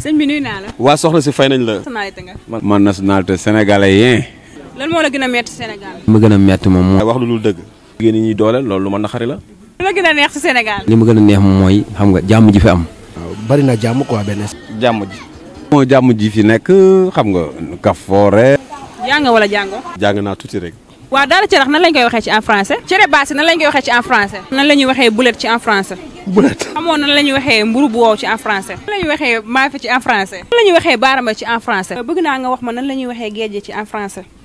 sëñ bi nuyu naa la. waa soxna si fay nañ la. nationalité nga. man nationalité sénégalais. lan moo la gën a metti Sénégal. li ma gën a métti moom mooy. wax lu dul dëgg. jigéen ñi ñuy dooleel loolu lu ma naxari la. li ma gën a neex mooy xam nga jàmm ji fi am. bari na jàmm ko quoi benn. jàmm ji. moo jàmm ji fi nekk xam nga. kaf kafoore. jàng wala jàngoo. jàng naa tuuti rek. waaw daara cerax nan lañ koy waxee ci en français cere baasi nan lañ koy waxee ci en français nan la ñuy waxee boulette ci en français boulette xamoon nan la ñuy waxee mburu bu wow ci en français nan la ñuy waxee maafe ci en français nan la ñuy waxee ci en français bëgg naa nga wax ma nan lañuy ñuy waxee géeje ci en français